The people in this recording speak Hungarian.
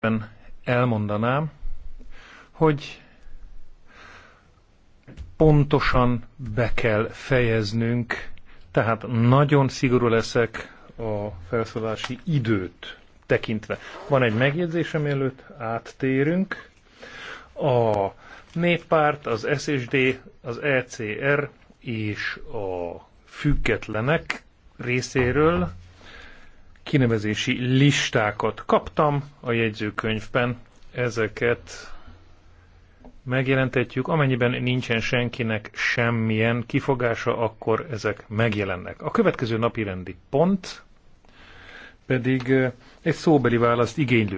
mindenképpen elmondanám, hogy pontosan be kell fejeznünk, tehát nagyon szigorú leszek a felszólási időt tekintve. Van egy megjegyzésem, mielőtt áttérünk. A néppárt, az SSD, az ECR és a függetlenek részéről kinevezési listákat kaptam a jegyzőkönyvben. Ezeket megjelentetjük. Amennyiben nincsen senkinek semmilyen kifogása, akkor ezek megjelennek. A következő napi rendi pont pedig eh, egy szóbeli választ igénylő